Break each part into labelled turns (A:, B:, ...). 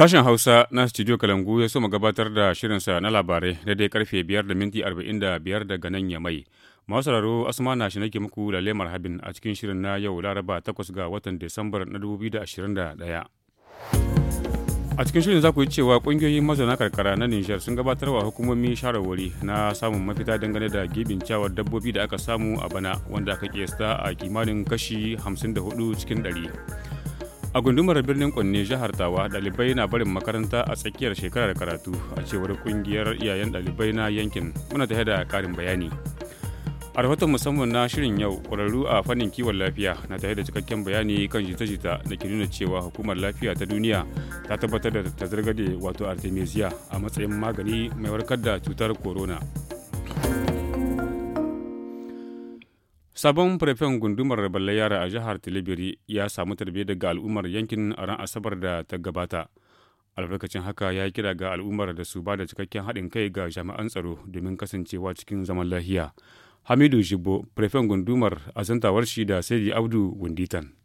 A: Sashen Hausa na Studio Kalangu ya so gabatar da shirinsa na labarai daidai karfe 5 da minti 45 daga nan ya mai. masu Masararo Asma na shi nake muku lalle habin a cikin shirin na yau Laraba 8 ga watan Disambar na 2021. A cikin shirin za ku yi cewa kungiyoyin mazauna karkara na Nijar sun gabatar wa hukumomi shawarwari na samun mafita dangane da gibin cawar dabbobi da aka samu a bana wanda aka kiyasta a kimanin kashi 54 cikin 100. a gundumar birnin kunne jihar tawa dalibai na barin makaranta a tsakiyar shekarar karatu a cewar kungiyar iyayen dalibai na yankin muna tare da karin bayani a rahoton musamman na shirin yau kwararru a fannin kiwon lafiya na tare da cikakken bayani kan jita-jita da ke nuna cewa hukumar lafiya ta duniya ta tabbatar da ta zargade wato artemisia a matsayin magani mai warkar da cutar corona Sabon firfen gundumar yara a jihar Tilibiri ya samu tarbe daga al'ummar yankin a ran Asabar da ta gabata. Albarkacin haka ya kira ga al'ummar da su ba da cikakken haɗin kai ga jami'an tsaro domin kasancewa cikin zaman lahiya. Hamidu Shibbo, firfen gundumar a zantawar shi da Saidi Abdu Gunditan.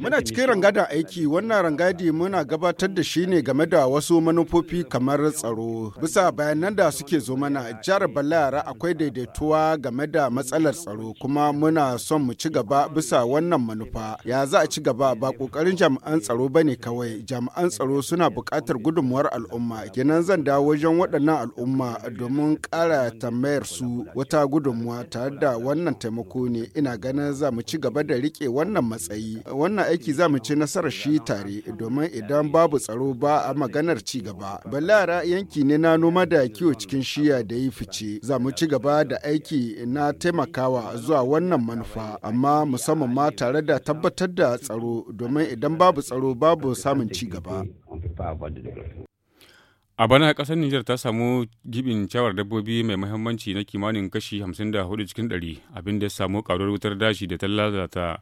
A: Muna cikin
B: rangada aiki wannan rangadi muna gabatar da shi ne game da wasu manufofi kamar tsaro. Bisa bayanan da suke zo mana jihar Balayara akwai daidaituwa game da matsalar tsaro kuma muna son mu ci gaba bisa wannan manufa. Ya za a ci gaba ba kokarin jami'an tsaro ba ne kawai jami'an tsaro suna buƙatar gudunmuwar al'umma. Kenan zan dawo wajen waɗannan al'umma domin ƙara tambayar su wata gudunmuwa tare da wannan taimako ne ina ganin za mu ci gaba da riƙe rike wannan matsayi wannan aiki za mu ci nasarar shi tare domin idan babu tsaro ba a maganar ci gaba balara yanki ne na noma da kiwo cikin shiya da yi fice za mu ci gaba da aiki na taimakawa zuwa wannan manufa amma musamman ma tare da tabbatar da tsaro domin idan babu tsaro babu samun ci gaba
A: A bana ƙasar Nijar ta samu gibin cawar dabbobi mai mahimmanci na kimanin kashi 54 cikin 100 abinda ya samu ƙaruwar wutar dashi da ta lalata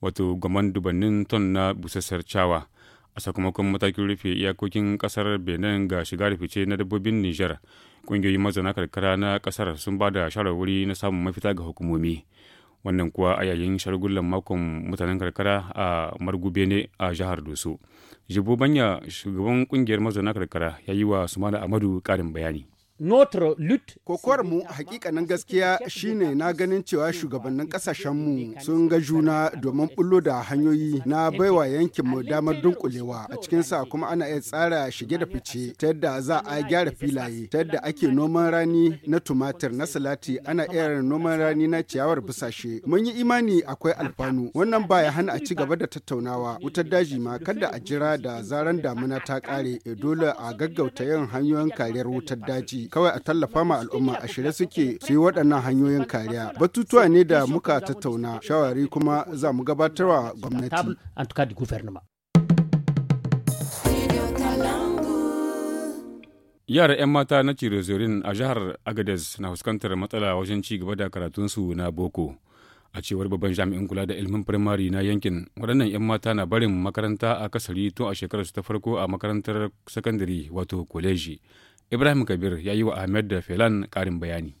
A: wato gaman dubannin ton na busassar cawa. A sakamakon matakin rufe iyakokin ƙasar Benin ga shiga da fice na dabbobin Nijar, ƙungiyoyin mazana karkara na ƙasar sun bada da shawarwari na samun mafita ga hukumomi. wannan kuwa a yayin shargullan makon mutanen karkara a margube ne a jihar doso jibo banya shugaban kungiyar mazauna karkara ya yi wa sumana amadu karin bayani
B: Notre lutte. Kokowar mu hakikanin gaskiya shine na ganin cewa shugabannin kasashen mu sun ga juna domin bullo da hanyoyi na baiwa yankin mu damar dunkulewa a cikin sa kuma ana iya tsara shige da fice ta yadda za a gyara filaye ta yadda ake noman rani na tumatir na salati ana iya noman rani na ciyawar busashe mun yi imani akwai alfanu wannan baya hana a ci gaba da tattaunawa wutar daji ma kada a jira da zaran damuna ta kare dole a gaggauta yin hanyoyin kariyar wutar daji kawai a tallafa ma al'umma a shirye suke su yi waɗannan hanyoyin kariya batutuwa ne da muka tattauna shawari kuma za mu gabatarwa gwamnati
A: yara 'yan mata na cirozorin a jihar agadez na fuskantar matsala wajen ci gaba da karatunsu na boko a cewar babban jami'in kula da ilimin firamare na yankin waɗannan 'yan mata na barin makaranta a kasari tun a shekararsu ta farko a makarantar sakandare wato kwaleji Ibrahim Kabir ya yi wa Ahmed da Felan ƙarin bayani.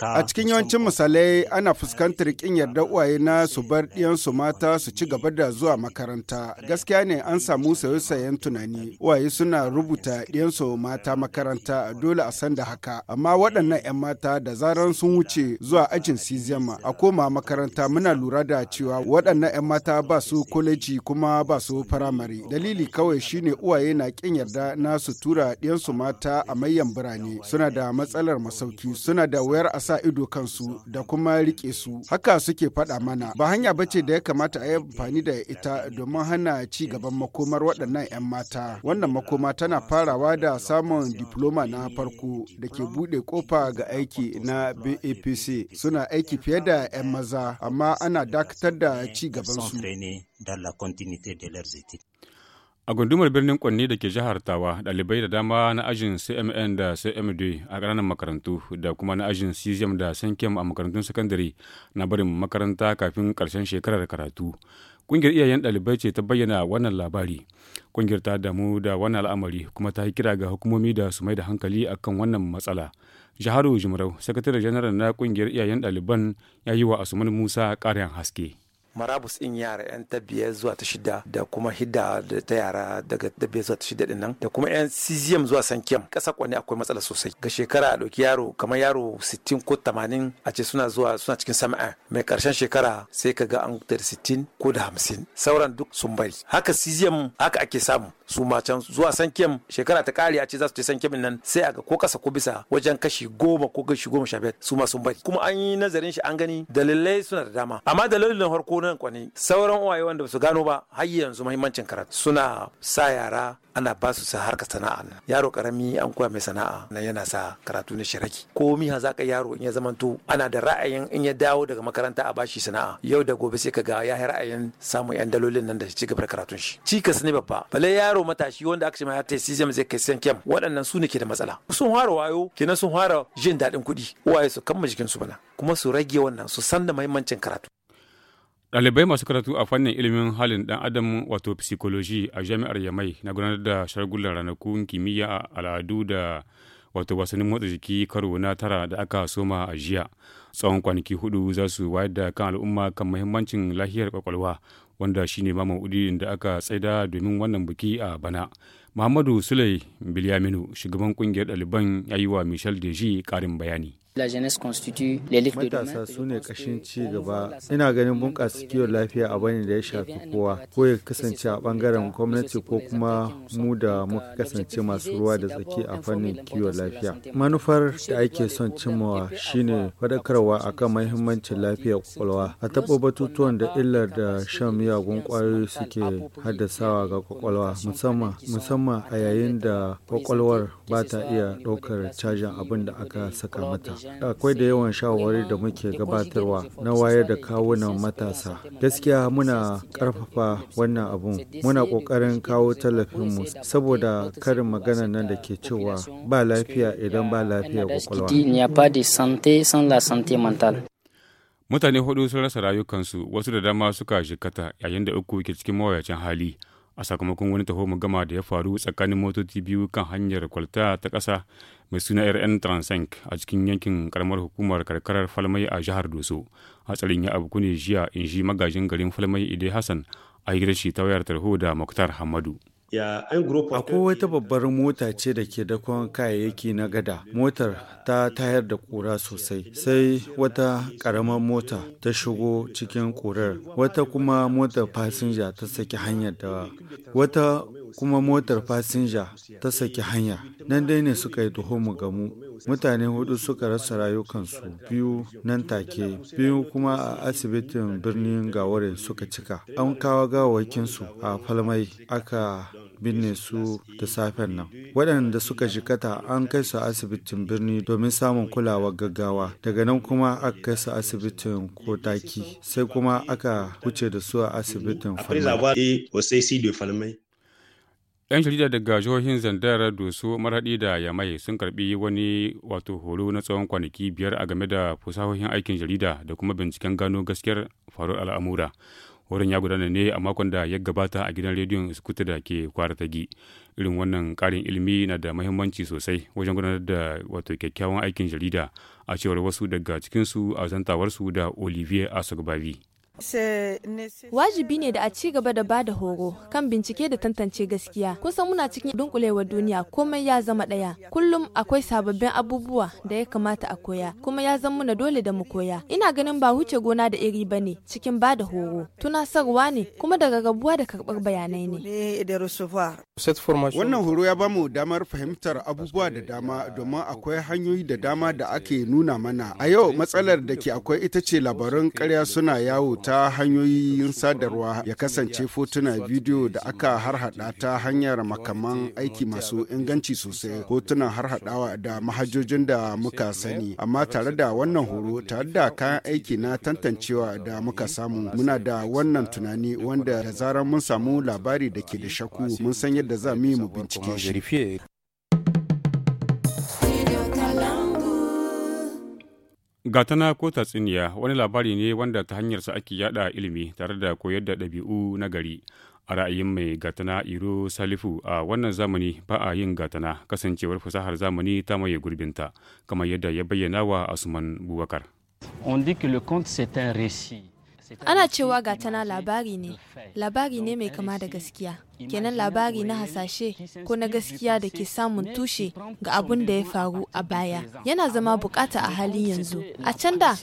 A: A cikin
B: yawancin misalai ana fuskantar kin yarda uwaye na su bar ɗiyansu mata su ci gaba da zuwa makaranta. Gaskiya ne an samu sayen tunani. Uwaye suna rubuta ɗiyansu mata makaranta dole a san da haka. Amma waɗannan 'yan mata da zaran sun wuce zuwa ajin sizema a koma makaranta muna lura da cewa waɗannan 'yan mata ba su koleji kuma ba su firamare. Dalili kawai shine uwaye na kin yarda na su tura ɗiyansu mata a mayan birane suna da matsalar sauki suna da wayar a sa ido kansu da kuma rike su haka suke faɗa mana ba hanya bace da ya kamata a yi amfani da ita domin hana ci gaban makomar waɗannan 'yan mata wannan makoma tana farawa da samun diploma na farko da ke buɗe kofa ga aiki na bapc suna aiki fiye da 'yan maza amma ana dakatar da ci gabansu
A: A gundumar birnin kwanni da ke jihar Tawa, ɗalibai da dama na ajin CMN da CMD a ƙananan makarantu da kuma na ajin cgm da Sankem a makarantun sakandare na barin makaranta kafin ƙarshen shekarar karatu. Ƙungiyar iyayen ɗalibai ce ta bayyana wannan labari. Ƙungiyar ta damu da wannan al'amari kuma ta yi kira ga hukumomi da su mai da hankali akan wannan matsala. Jaharu jimarau sakataren janaral na ƙungiyar iyayen ɗaliban ya yi wa Asuman Musa ƙarin haske.
C: marabus in yara yan ta biyar zuwa ta shida da kuma hidda da ta yara daga ta biyar zuwa ta shida din da kuma yan cesium zuwa sankiyam kasa kwani akwai matsala sosai ga shekara a ɗauki yaro kamar yaro 60 ko 80 a ce suna zuwa suna cikin sama'a mai karshen shekara sai ka ga an da 60 ko da 50 sauran duk sun bari haka cesium haka ake samu su ma can zuwa sankem shekara ta kare a ce za su je kem nan sai a ga ko kasa ko bisa wajen kashi goma ko kashi goma sha biyar su ma sun bari kuma an yi nazarin shi an gani dalilai suna da dama amma dalilin farko nan kwani sauran uwaye wanda ba su gano ba har yanzu mahimmancin karatu suna sa yara ana ba su sa harka sana'a yaro karami an koya mai sana'a nan yana sa karatu na shiraki za ka yaro in ya zamanto ana da ra'ayin in ya dawo daga makaranta a bashi sana'a yau da gobe sai ka ga ya ra'ayin samun yan dalolin nan da shi gaba da karatun shi cikas ne babba bale yaro matashi wanda aka ce ma ya ta zai kai san kyam. waɗannan su ne ke da matsala sun fara wayo kenan sun fara jin daɗin kuɗi uwaye su kamma jikin su bana kuma su rage wannan su san da mahimmancin karatu
A: dalibai masu karatu a fannin ilimin halin ɗan adam wato psychology a jami'ar Yamai na gudanar da shagulan ranakun kimiyya a al'adu da wato wasannin motsa jiki karo na tara da aka soma a jiya. Tsawon kwanaki hudu za su wayar da kan al'umma kan muhimmancin lahiyar kwakwalwa wanda shine ma maudu'in da aka tsaida domin wannan biki a bana. Muhammadu Sulai Bilyaminu shugaban kungiyar ɗaliban ya yi wa Michel Deji karin bayani.
B: La jeunesse constitue l'élite de Matasa
D: su ne kashin ci gaba. Ina ganin bunƙasa kiwon lafiya a bane da ya shafi kowa, ko ya kasance a bangaren gwamnati ko kuma mu da muka kasance masu ruwa da tsaki a fannin kiwon lafiya. Manufar da ake son cimmawa shine faɗakarwa kan mahimmancin lafiyar kwakwalwa, a taɓo batutuwan da illar da shan miyagun ƙwayoyi suke haddasawa ga kwakwalwa, musamman a yayin da kwakwalwar ba ta iya ɗaukar cajin abin da aka saka mata. akwai da yawan shawarwari da muke gabatarwa na wayar da kawunan matasa gaskiya muna karfafa wannan abun muna kokarin kawo tallafinmu saboda karin magana nan da ke cewa ba lafiya idan ba lafiya kwakwalwa
A: mutane hudu sun rasa rayukansu wasu da dama suka shikata yayin da uku ke cikin mawuyacin hali a sakamakon wani taho gama da ya faru tsakanin motoci biyu kan hanyar kwalta ta ƙasa mai suna rn transank a cikin yankin karamar hukumar karkarar falmai a jihar doso hatsarin ya abu ne jiya in ji magajin garin falmai ide hassan a shi ta wayar tarho da muktar hamadu
C: Akwai
D: wata babbar mota ce da ke dakon kayayyaki na gada. Motar ta tayar da ƙura sosai, sai wata ƙaramar mota ta shigo cikin ƙurar, wata kuma motar fasinja ta saki hanyar da wata kuma motar fasinja ta saki hanya nan dai ne suka yi tuhumu ga mu mutane hudu suka rasa rayukansu biyu nan take biyu kuma a asibitin birnin gawarin suka cika an kawo gawakinsu a falmai aka binne su da safen nan waɗanda suka jikata an kai su asibitin birni domin samun kulawar gaggawa daga nan kuma aka kai su asibitin kotaki sai kuma aka wuce da su a asibitin falmai
A: 'yan jarida daga jihohin zandar doso marhaɗi da yamai sun karɓi wani wato horo na tsawon kwanaki biyar a game da fasahohin aikin jarida da kuma binciken gano gaskiyar faruwar al'amura horon ya gudana ne a makon da ya gabata a gidan rediyon iskuta da ke kwara tagi irin wannan ƙarin ilimi na da mahimmanci sosai wajen gudanar da wato kyakkyawan aikin jarida a cewar wasu daga cikinsu a zantawarsu da olivier asogbavi
E: Wajibi ne da a ci gaba da bada horo kan bincike da tantance gaskiya. Kusan muna cikin dunkulewar duniya komai ya zama ɗaya. Kullum akwai sababbin abubuwa da ya kamata a koya, kuma ya zama muna dole da mu koya. Ina ganin ba huce gona da iri ba ne cikin bada horo. Tunasarwa ne kuma daga rabuwa da karɓar bayanai ne.
B: Wannan horo ya bamu damar fahimtar abubuwa da dama domin akwai hanyoyi da dama da ake nuna mana. A yau matsalar da ke akwai ita ce labarun karya suna yawo ta hanyoyin sadarwa ya kasance fotuna bidiyo da aka harhaɗa ta hanyar makaman aiki masu inganci sosai hotunan harhaɗawa da mahajojin da muka sani amma tare da wannan horo tare da kayan aiki na tantancewa da muka samu muna da wannan tunani wanda da zarar mun samu labari da ke da shaku mun san yadda za mu yi
A: mu bincike shi Gatana ko tatsiniya wani labari ne wanda ta hanyarsa ake yada ilimi tare da koyar da ɗabi'u na gari. A ra'ayin mai gatana Iro Salifu a wannan zamani ba a yin gatana kasancewar fasahar zamani ta maye gurbinta kamar yadda ya bayyana wa Asuman Bubakar. Ana cewa
E: gatana labari ne, labari ne mai kama da gaskiya. kenan labari na hasashe ko na gaskiya da ke samun tushe ga abun da ya faru a baya yana zama bukata a halin yanzu a can da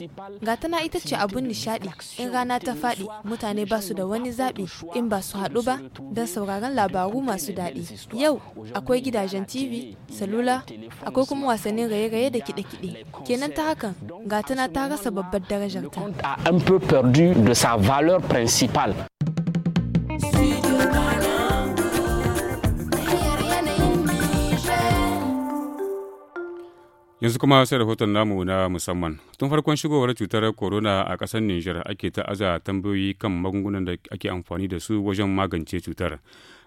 E: ga tana ita ce abun nishadi in rana ta faɗi mutane ba su da wani zaɓi in ba su haɗu ba don sauraron labaru masu daɗi yau akwai gidajen tv salula akwai kuma wasannin raye-raye da kiɗe-kiɗe kenan ta hakan ga tana ta rasa babbar darajarta.
A: Yanzu kuma sai rahoton namu na musamman. Tun farkon shigowar cutar corona a ƙasar niger ake ta aza tambayoyi kan magungunan da ake amfani da su wajen magance cutar.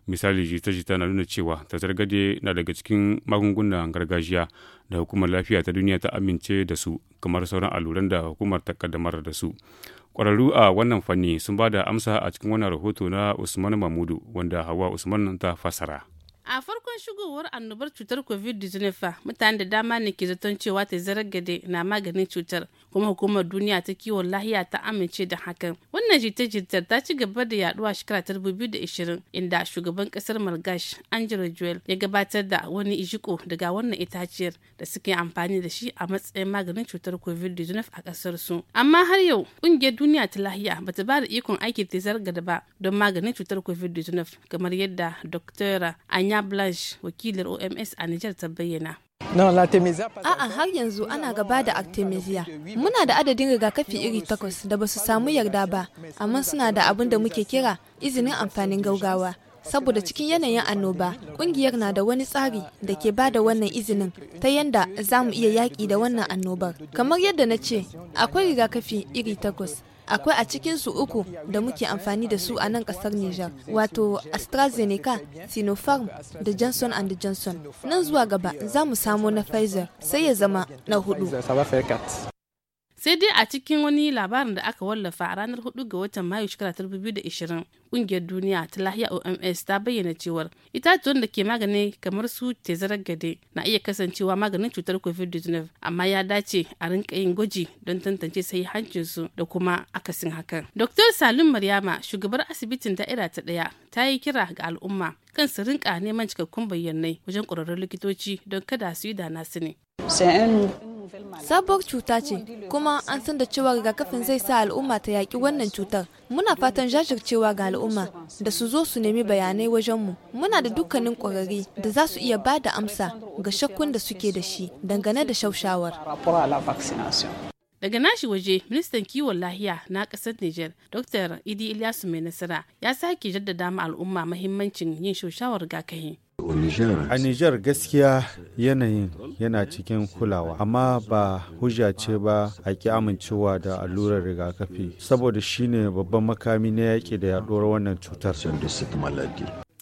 A: Misali jita-jita na nuna cewa tazargade na daga cikin magungunan gargajiya da hukumar lafiya ta duniya ta amince da su kamar sauran alluran da hukumar ta kaddamar da su. Ƙwararru a wannan fanni sun ba da amsa a cikin wannan rahoto na Usman Mamudu wanda Hawa Usman ta fasara.
F: a farkon shigowar annobar cutar covid-19 mutane da dama ne ke zaton cewa ta zarar gade na maganin cutar kuma hukumar duniya ta kiwon lahiya ta amince da hakan wannan jita-jitar ta ci gaba da yaduwa shekara ta 2020 inda shugaban kasar malgash angela joel ya gabatar da wani ijiko daga wannan itaciyar da suke amfani da shi a matsayin maganin cutar covid-19 a kasar su amma har yau kungiyar duniya ta lahiya bata ba da ikon aiki ta zargada ba don maganin cutar covid-19 kamar yadda doktora anya Amina Blanche wakilar OMS a Nijar ta bayyana. A'a
E: har yanzu ana gaba da Artemisia. Muna da adadin rigakafi iri takwas da ba su samu yarda ba, amma suna da abin da muke kira izinin amfanin gaugawa. Saboda cikin yanayin annoba, kungiyar na da wani tsari da ke ba da wannan izinin ta yanda za mu iya yaƙi da wannan annobar. Kamar yadda na ce, akwai rigakafi iri takwas, akwai a cikin su uku da muke amfani da su a nan kasar Nijar, wato AstraZeneca, Sinopharm da Johnson and Johnson. Nan zuwa gaba za mu samo na Pfizer sai ya zama na hudu.
F: sai dai a cikin wani labarin da aka wallafa a ranar 4 ga watan mayu shekara 2020 kungiyar duniya ta lahiya oms ta bayyana cewar itatuwan da ke magani kamar su tezarar gade na iya kasancewa maganin cutar covid-19 amma ya dace a rinka yin gwaji don tantance sai hancinsu da kuma akasin hakan dr salim maryama shugabar asibitin da'ira ta daya ta yi kira ga al'umma kan su rinka neman cikakkun bayyanai wajen ƙwararrun likitoci don kada su yi da nasu ne
E: sabuwar cuta ce kuma an san da cewa rigakafin zai sa al'umma ta yaƙi wannan cutar muna fatan jajircewa ga al'umma da su zo su nemi bayanai wajenmu muna da dukkanin ƙwararri da za su iya ba da amsa ga shakkun da suke da shi dangane da shaushawar
F: daga nashi waje ministan kiwon lahiya na kasar niger dr idi ilyasu mai nasara ya sake jaddada ma al'umma mahimmancin yin shaushawar rigakafi
D: A Nijar gaskiya yanayin yana cikin kulawa, amma ba hujja ce ba a ki amincewa da allurar rigakafi, saboda shine babban makami na yaƙi da yaɗuwar wannan cutar.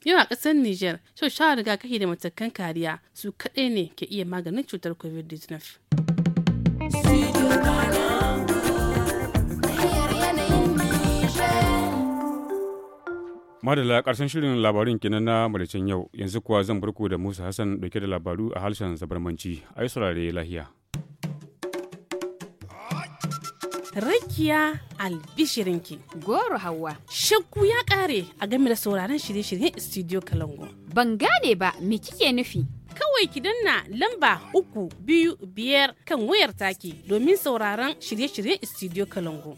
F: Yau a ƙasar Nijar, shawarar rigakafi da matakan kariya su kaɗai ne ke iya maganin cutar
E: COVID-19.
A: Madalla ƙarshen shirin labarin kenan na madacin yau yanzu kuwa zan burku da Musa Hassan dauke da labaru a harshen zabarmanci a yi saurare lahiya.
F: Rakiya albishirinki goro hawa shakku ya ƙare a game da sauraron shirye-shiryen studio Kalango. Ban gane ba me kike nufi? kawai ki danna lamba uku biyu biyar kan wayar take domin sauraron shirye-shiryen studio kalango.